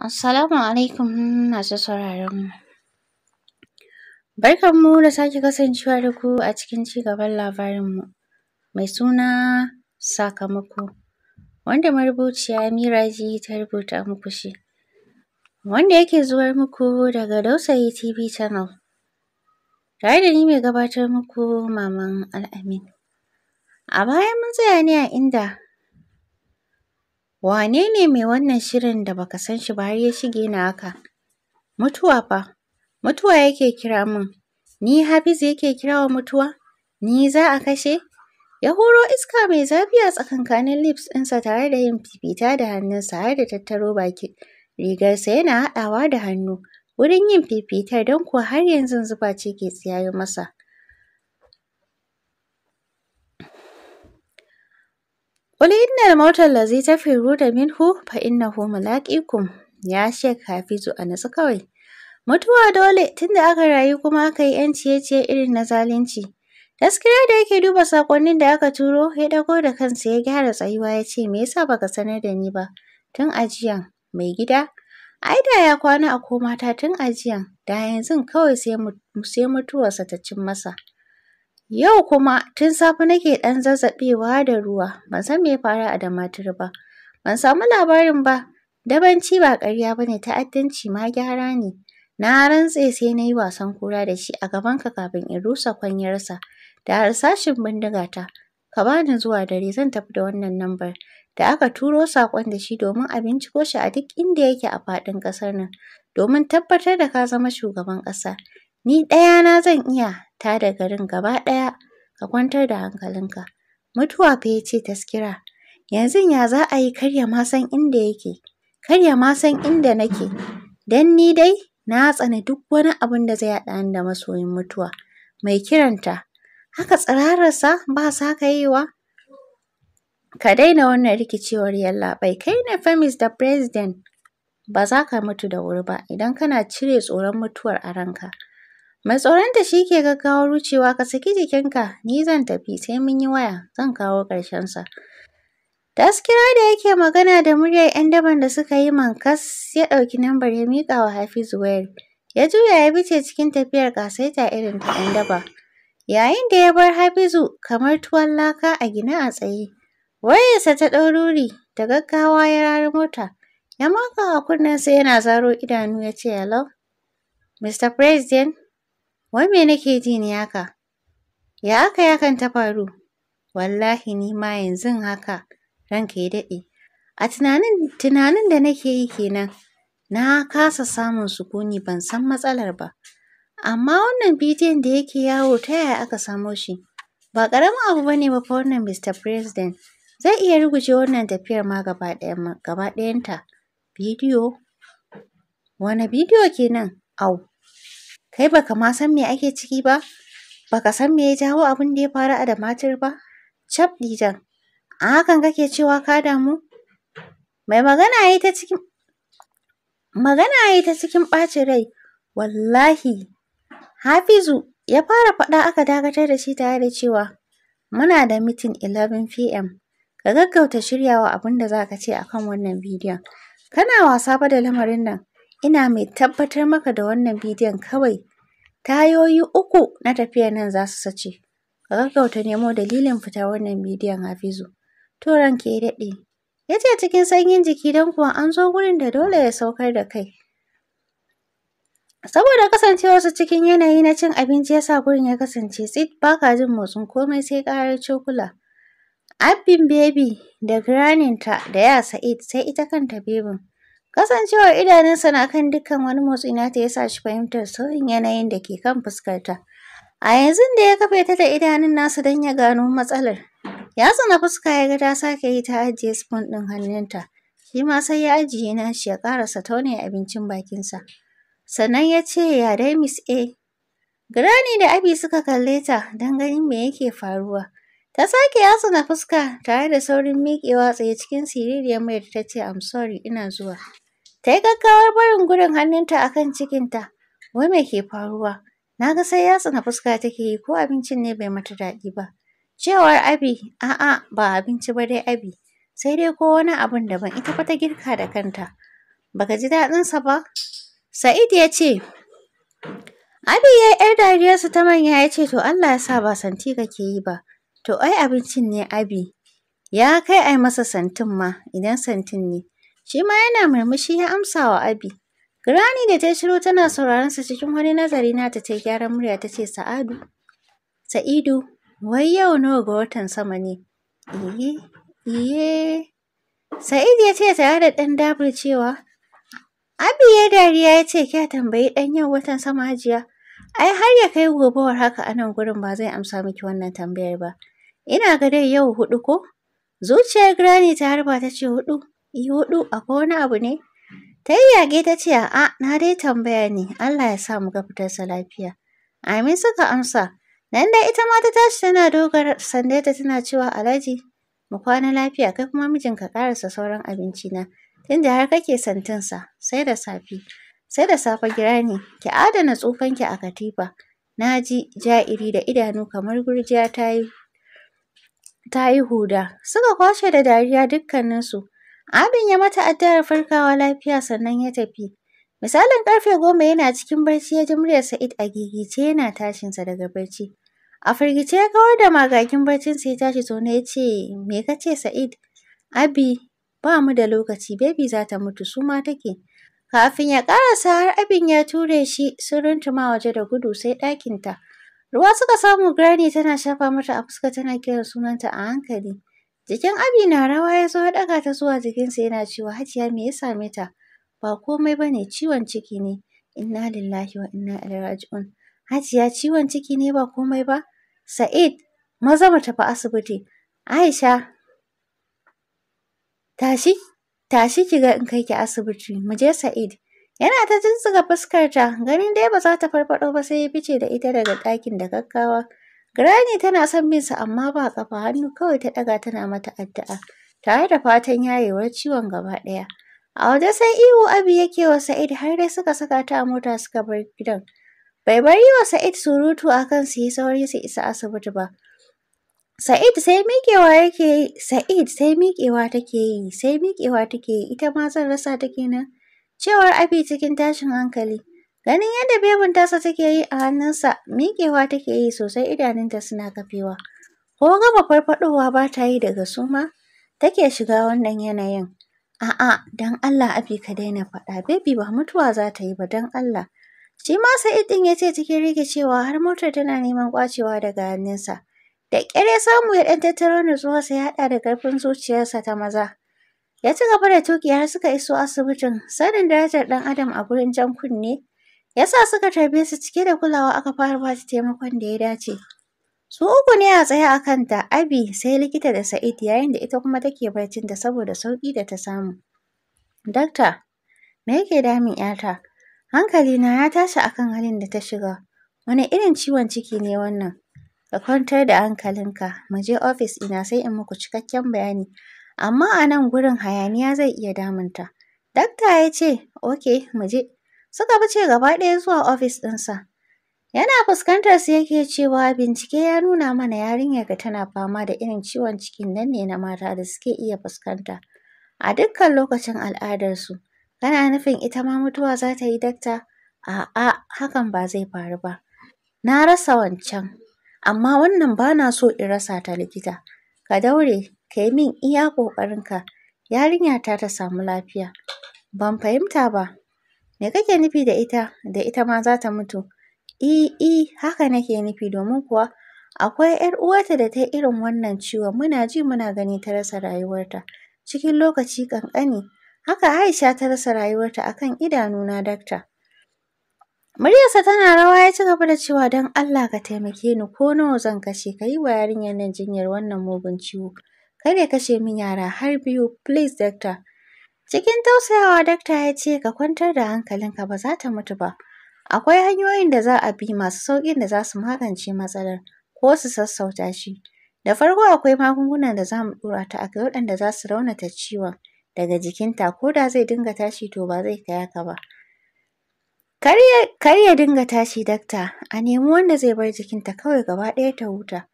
Assalamu alaikum masu sauraron mu. Barkan mu da sake kasancewa da ku a cikin cigaban labarin mu mai suna sakamako wanda marubuciya ji ta rubuta muku shi wanda yake zuwar muku daga Dausayi TV channel tare da ni mai gabatar muku Maman Al'amin. A baya mun tsaya ne a inda Wane ne mai wannan shirin da baka san shi ba har ya shige ni haka? Mutuwa fa, mutuwa yake kira min. Ni Hafiz yake kira wa mutuwa? Ni za a kashe? Ya horo iska mai zafi a tsakankanin lips ɗinsa tare da yin fifita da hannunsa har da tattaro baki. Rigarsa yana haɗawa da hannu wurin yin fifitar don kuwa har yanzu zufa ce ke tsiyayo masa. قل da الموت الذي تفرون منه فإنه ملاقيكم ya shek Hafizu a natsu kawai. Mutuwa dole tunda aka rayu kuma aka yi ‘yan ciye-ciye irin na zalunci. Taskira da yake duba sakonnin da aka turo ya dago da kansa ya gyara tsayuwa ya ce me yasa baka sanar da ni ba tun ajiyan mai gida. Ai da ya kwana a komata tun ajiyan da yanzu kawai sai mutuwarsa ta cin masa. Yau kuma tun safe nake ɗan zazzaɓewa da ruwa, ban san me ya faru a Damaturu ba. Ban samu labarin ba, dabanci ba ƙarya ba ne, ta'addanci ma gyara ne. Na rantse sai na yi wasan kura da shi a gabanka kafin in rusa kwanyarsa da harsashin bindigata. Ka bani zuwa dare zan tafi da wannan lambar da aka turo saƙon da shi domin a binciko shi a duk inda yake a faɗin ƙasar nan domin tabbatar da ka zama shugaban ƙasa. Ni ɗaya na zan iya ta da garin gaba ɗaya, ka kwantar da hankalinka. Mutuwa fa ya ce taskira, yanzu ya za a yi karya masan inda yake, karya masan ma san inda nake, don ni dai na tsani duk wani abin da zai haɗa ni da masoyin mutuwa. Mai kiranta, haka tsirararsa ba sa Ka yi wa? Ka daina wannan rikicewar yallaɓai, kai ne fa Mr. President. ba za ka mutu da wuri ba idan kana cire tsoron mutuwar a ranka. Mai tsoronta shi ke gaggawar wucewa ka saki jikinka ni zan tafi sai mun yi waya zan kawo ƙarshensa. Taskira da yake magana da muryar 'yan daban da suka yi mankas ya ɗauki nambar ya miƙa wa Hafizu wayar. Ya juya ya bice cikin tafiyar ƙasaita irin ta 'yan daba. Yayin da ya bar Hafizu kamar tuwon laka a gina a tsaye. Wayarsa ta ɗau ruri da gaggawa ya rari mota. Ya maka kunnen kunnensa yana zaro idanu ya ce hello. Mr. President Wai me nake ji ne haka? Ya aka yakan ta faru? Wallahi ni ma yanzu haka ranka ya daɗe. A tunanin tunanin da nake yi kenan na kasa samun sukuni ban san matsalar ba. Amma wannan bidiyon da yake yawo ta yaya aka samo shi? Ba ƙaramin abu bane ba fa wannan Mr. President. Zai iya ruguje wannan tafiyar ma gaba ɗayanta. Bidiyo? Wane bidiyo kenan? Au. kai baka ma san me ake ciki ba baka san me ya jawo abin da ya faru a damatir ba cap dijan a hakan kake cewa ka damu mai magana yayi ta cikin magana yayi ta cikin ɓacin rai wallahi hafizu ya fara faɗa aka dakatar da shi tare da cewa muna da mitin 11 pm ka gaggauta shiryawa abin da za ka ce akan wannan bidiyon kana wasa ba da lamarin nan Ina mai tabbatar maka da wannan bidiyon kawai tayoyi uku na tafiya nan za su sace. Ka gaggauta nemo dalilin fita wannan bidiyon Hafizu. To ke ya daɗe. Ya ce cikin sanyin jiki don kuwa an zo wurin da dole ya saukar da kai. Saboda kasancewar su cikin yanayi na cin abinci ya sa gurin ya kasance tsit ba ka jin motsin komai sai ƙarar cokula. Abin bebi da ta da ya Sa'id sai ita kanta bebin. Kasancewar idanunsa na kan dukkan wani motsi nata ya sa shi fahimtar sauyin yanayin da ke kan fuskarta. A yanzu da ya kafe ta da idanun nasa don ya gano matsalar. Ya tsana fuska ya ga ta sake yi ta ajiye spoon ɗin hannunta. Shi ma sai ya ajiye nashi ya ƙarasa taune abincin bakinsa. Sannan ya ce ya dai Miss A. Granny da Abi suka kalle ta don ganin me yake faruwa. Ta sake yatsuna fuska tare da saurin miƙewa tsaye cikin siririyar mai ta ce I'm sorry ina zuwa. Ta yi gaggawar barin gudun hannunta a kan cikinta. Wai me ke faruwa? Na ga sai yatsa na fuska take yi ko abincin ne bai mata daɗi ba. Cewar Abi, a'a ba abinci ba dai Abi, sai dai ko wani abun daban ita fa girka da kanta. Baka ji daɗinsa ba? Sa'id ya ce, Abi ya yi ‘yar dariyarsa ta manya ya ce, To Allah ya sa ba santi ka ke yi ba, to ai abincin ne Abi, ya kai ai masa santin ma idan santin ne. Shi ma yana murmushi ya amsa wa Abi. Granny da ta shiro tana sauraron sa cikin wani nazari na ta gyaran murya ta ce Sa'adu. Sa'idu, wai yau nawa ga watan sama ne? Iye, iye. Sa'idu ya ce tare da ɗan dabur cewa, Abi ya dariya ya ce kya tambayi ɗan yau watan sama hajiya. Ai har ya kai gobawar haka a nan gurin ba zai amsa miki wannan tambayar ba. Ina ga dai yau hudu, ko? Zuciyar Granny ta harba ta ce hudu. huɗu a wani abu ne? Ta yi yage ta ce a'a na dai tambaya ne Allah ya sa mu ga sa lafiya. Amin suka amsa. Nan da ita ma ta tashi tana dogara ta tana cewa Alhaji mu kwana lafiya kai kuma mijinka karasa sauran abinci na tunda har kake santinsa sai da safe. Sai da safe gira ki adana tsufan ki a katifa. naji ja'iri da idanu kamar gurjiya ta yi ta yi huda. Suka kwashe da dariya dukkaninsu. Abin ya mata addu'ar farkawa lafiya sannan ya tafi. Misalin ƙarfe goma yana cikin barci ya ji muryar Sa'id a gigice yana tashinsa daga barci. A firgice ya kawar da magagin barcinsa ya tashi zaune ya ce, Me ka ce Sa'id? Abi, ba mu da lokaci, baby za ta mutu, su ma take. Kafin ya ƙarasa har abin ya ture shi sun runtuma waje da gudu sai ɗakinta. Ruwa suka samu Granny tana shafa mata a fuska tana kiran sunanta a hankali. Jikin Abi na rawa ya zo daga ta zuwa jikinsa yana cewa Hajiya me ya same ta? Ba komai ba ne ciwon ciki ne. Inna lillahi wa inna ilaihi raji'un. Hajiya ciwon ciki ne ba komai ba? Sa'id maza mu tafi asibiti. Aisha tashi tashi ki ga in kai ki asibiti mu je Sa'id. Yana ta ga fuskarta ganin dai ba za ta farfaɗo ba sai ya fice da ita daga ɗakin da gaggawa. Granny tana son bin sa amma ba kafa hannu kawai ta daga tana mata addu'a tare da fatan yayewar ciwon gaba ɗaya. A waje sai ihu Abi yake wa Sa'id har dai suka saka ta a mota suka bar gidan. Bai bari wa Sa'id surutu akan su yi sauri su isa asibiti ba. Sa'id sai miƙewa yake Sa'id sai miƙewa take yi, sai miƙewa take ita ma zan rasa take nan. Cewar Abi cikin tashin hankali. Ganin yadda bebin tasa take yi a hannunsa, miƙewa take yi sosai idanunta suna kafewa. Ko gama farfaɗowa ba ta yi daga suma, take shiga wannan yanayin. A'a, don Allah abi ka daina faɗa, bebi ba mutuwa za ta yi ba don Allah. Shi ma Sa'id din ya ce cikin rikicewa har motar tana neman ƙwacewa daga hannunsa. Da ƙyar ya samu ya ɗan tattaro sai ya haɗa da ƙarfin zuciyarsa ta maza. Ya ci gaba da tuƙi har suka iso asibitin, sanin darajar ɗan adam a gurin jan kunne Ya suka tarbe su cike da kulawa aka fara ba ta taimakon da ya dace. Su uku ne a tsaye a kanta, Abi sai likita da Sa'id yayin da ita kuma take barcin ta saboda sauki da ta samu. Dakta, me yake damun 'yata? na ya tashi akan halin da ta shiga. Wani irin ciwon ciki ne wannan? Ka kwantar da hankalinka, mu je ofis ina sai in muku cikakken bayani. Amma a nan gurin hayaniya zai iya damunta. Dakta ya ce, "Ok, mu je." Suka fice gaba ɗaya zuwa ofis ɗinsa. Yana fuskantar su yake cewa bincike ya nuna mana yarinyar ka tana fama da irin ciwon cikin nan ne na mata da suke iya fuskanta a dukkan lokacin al'adarsu. Kana nufin ita ma mutuwa za ta yi dakta? A'a, hakan ba zai faru ba. Na rasa wancan, amma wannan ba na so in rasa ta likita. Ka daure, ka yi min iya ƙoƙarinka, ta ta samu lafiya. Ban fahimta ba, Me kake nufi da ita, da ita ma za ta mutu? E-e, haka nake nufi domin kuwa akwai ‘yar uwarta da ta yi irin wannan ciwon muna ji muna gani ta rasa rayuwarta cikin lokaci ƙanƙani. Haka Aisha ta rasa rayuwarta a kan idanuna dakta. Muryarsa tana rawa ya ci gaba da cewa don Allah ka taimake ni ko nawa zan kashe ka yi wa yarinyar nan jinyar wannan mugun ciwo. Kar ya kashe min yara har biyu please dakta. Cikin tausayawa dakta ya ce ka kwantar da hankalinka ba za ta mutu ba. Akwai hanyoyin da za a bi masu sauƙin da za su magance matsalar ko su sassauta shi. Da farko akwai magungunan da za mu ɗora ta akai waɗanda za su raunata ciwon daga jikinta ko da zai dinga tashi to ba zai kai haka ba. Kar ya dinga tashi dakta, a nemi wanda zai bar jikinta kawai gaba ɗaya ta huta.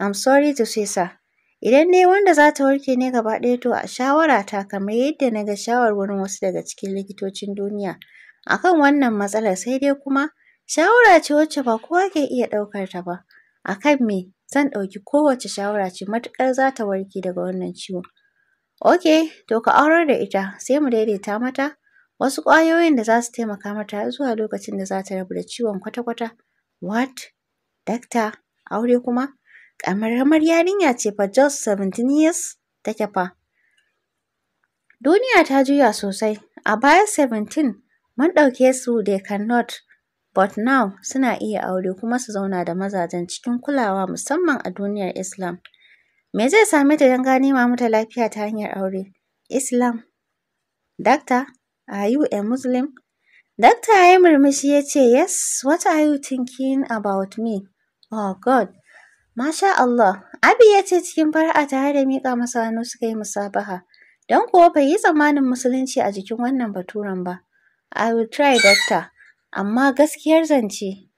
I'm sorry to say sir, Idan dai wanda za ta warke ne gaba ɗaya to a shawarata kamar yadda na ga shawarwar wasu daga cikin likitocin duniya akan wannan matsalar sai dai kuma shawara ce wacce ba kowa ke iya ɗaukar ta ba. Akan me zan ɗauki kowace shawara ce matuƙar za ta warke daga wannan ciwon. Ok, to ka aurar da ita sai mu daidaita mata wasu ƙwayoyin da za su taimaka mata har zuwa lokacin da za ta rabu da ciwon kwata-kwata. What? Dakta, aure kuma? Kamar kamar yarinya ce fa just 17 years take fa. Duniya ta juya sosai. A baya 17 mun ɗauke su they cannot but now suna iya aure kuma su zauna da mazajen cikin kulawa musamman a duniyar Islam. Me zai same ta don gane ma mata lafiya ta hanyar aure? Islam. Doctor, are you a Muslim? Doctor ya yi murmushi ya ce, Yes, what are you thinking about me? Oh God, Masha Allah, Abi ya ce cikin fara'a tare da miƙa masa hannu suka yi musabaha. Don kuwa bai yi tsammanin musulunci a jikin wannan baturen ba. I will try doctor, amma gaskiyar zance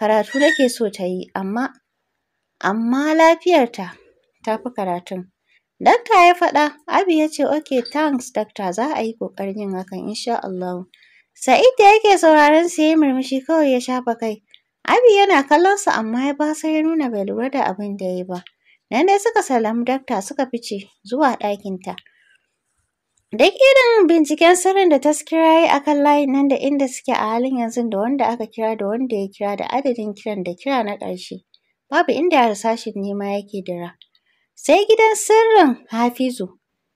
karatu nake so ta yi amma amma lafiyarta ta fi karatun. Dakta ya faɗa, Abi ya ce okay thanks dakta za a yi ƙoƙarin yin hakan insha Allah. Sa'id da yake sauraron su ya murmushi kawai ya shafa kai. Abi yana kallon kallonsa amma ya ba basar ya nuna bai lura da abin da ya yi ba. Nan dai suka salami dakta suka fice zuwa ɗakinta. Duk irin binciken sirrin da taskira yi a kan layin nan da inda suke a halin yanzu da wanda aka kira da wanda ya kira da adadin kiran da kira na ƙarshe. Babu inda harsashin nema yake dira. Sai gidan sirrin Hafizu.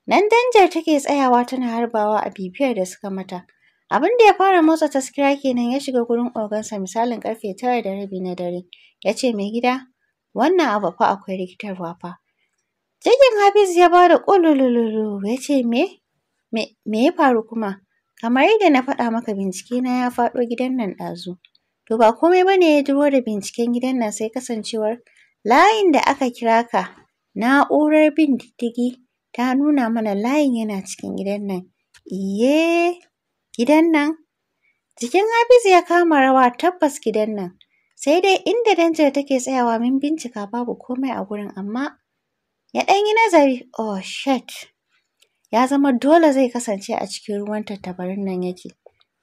Nan danjar take tsayawa tana harbawa a bibiyar da suka mata. Abin da ya fara motsa taskiya kenan ya shiga gurin ogansa misalin ƙarfe tara da rabi na dare. Ya ce mai gida, wannan abu fa akwai rikitarwa fa. Jikin Hafiz ya ba da ƙulululu ya ce me? Me ya faru kuma? Kamar yadda na faɗa maka bincike na ya faɗo gidan nan ɗazu. To ba komai ba ne ya duro da binciken gidan nan sai kasancewar layin da aka kira ka na'urar bin diddigi ta nuna mana layin yana cikin gidan nan. Iye! Gidan nan? Jikin Hafizu ya kama rawa tabbas gidan nan. Sai dai inda danjar take tsayawa min bincika babu komai a gurin amma ya ɗan yi nazari oh shit. Ya zama dole zai kasance a cikin ruwan tattabarin nan yake.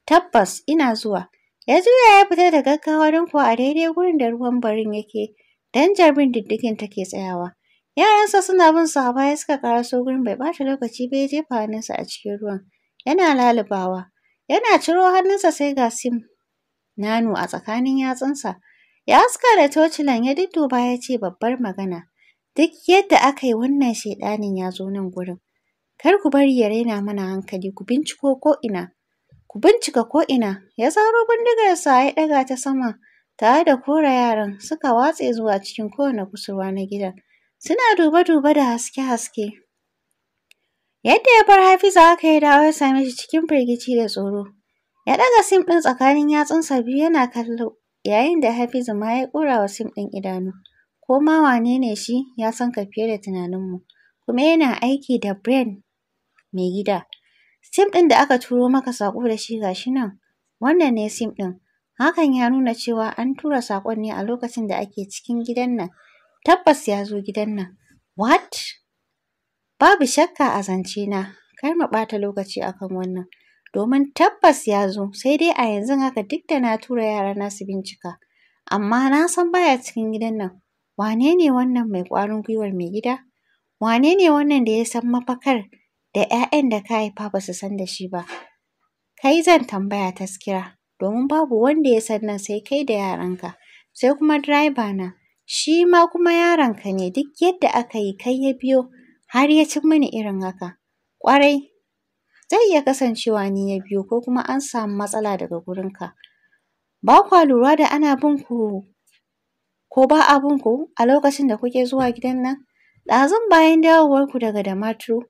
Tabbas ina zuwa. Ya juya ya fita da gaggawa don kuwa a daidai gurin da ruwan barin yake danjar bin diddigin take tsayawa. Yaransa suna bin su a baya suka karaso gurin bai bata lokaci ba ya jefa hannunsa a cikin ruwan. Yana lalubawa. Yana ciro hannunsa sai ga sim nanu a tsakanin yatsunsa. Ya aska da tocilan ya dudduba ya ce babbar magana. Duk yadda aka yi wannan shaidanin ya zo nan gurin. Kar ku bari ya raina mana hankali ku binciko ko'ina. Ku bincika ko'ina. Ya zaro bindigarsa ya ɗaga ta sama tare da kora yaran suka watse zuwa cikin kowane kusurwa na gidan. Suna duba-duba da haske-haske. Yadda ya bar Hafiza aka yi dawo ya same shi cikin firgici da tsoro. Ya ɗaga sim ɗin tsakanin yatsunsa biyu yana kallo, yayin da Hafiza ma ya ƙura wa sim ɗin idanu. Ko ma wane ne shi ya san ka fiye da tunaninmu, kuma yana aiki da brain mai gida. Sim ɗin da aka turo maka saƙo da shi ga shi nan, wannan ne sim ɗin. Hakan ya nuna cewa an tura saƙon ne a lokacin da ake cikin gidan nan. Tabbas ya zo gidan nan. What? Babu shakka a zance na, kar mu ɓata lokaci akan wannan, domin tabbas ya zo, sai dai a yanzu haka duk da na tura yara su bincika, amma na san baya cikin gidan nan. Wane ne wannan mai ƙwarin gwiwar mai gida? Wane ne wannan da ya san mafakar da ‘ya'yan da ka haifa ba su san da shi ba? Kai zan tambaya taskira, domin babu wanda ya san nan sai kai da yaran ka. sai kuma direba na, shi ma kuma yaronka ne duk yadda aka yi kai ya biyo. har ya cin mini irin haka. Ƙwarai, zai iya kasancewa ni ya biyo ko kuma an samu matsala daga gurinka. Ba kwa lura da ana bin ku ko ba a bin ku a lokacin da kuke zuwa gidan nan? Ɗazun bayan dawowarku daga Damaturu,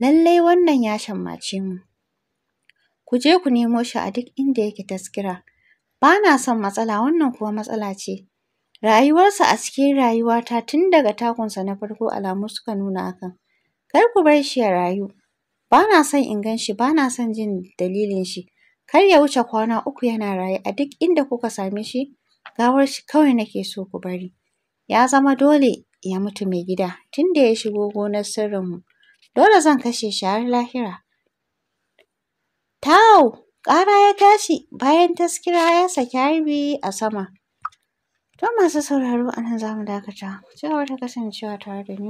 lallai wannan ya shammace mu. Ku je ku nemo shi a duk inda yake taskira. Ba na son matsala, wannan kuwa matsala ce. Rayuwarsa a cikin rayuwata tun daga takunsa na farko alamu suka nuna hakan. Kar ku bar shi ya rayu. Ba na son in gan shi, ba na son jin dalilin shi. Kar ya wuce kwana uku yana raye a duk inda kuka same shi, gawar shi kawai nake so ku bari. Ya zama dole ya mutu mai gida tunda ya shigo gonar sirrinmu. Dole zan kashe shi har lahira. Tau! Ƙara ya tashi bayan taskira ya saki harbi a sama. To masu sauraro a nan za mu dakata. cewa wata kasancewa tare da ni.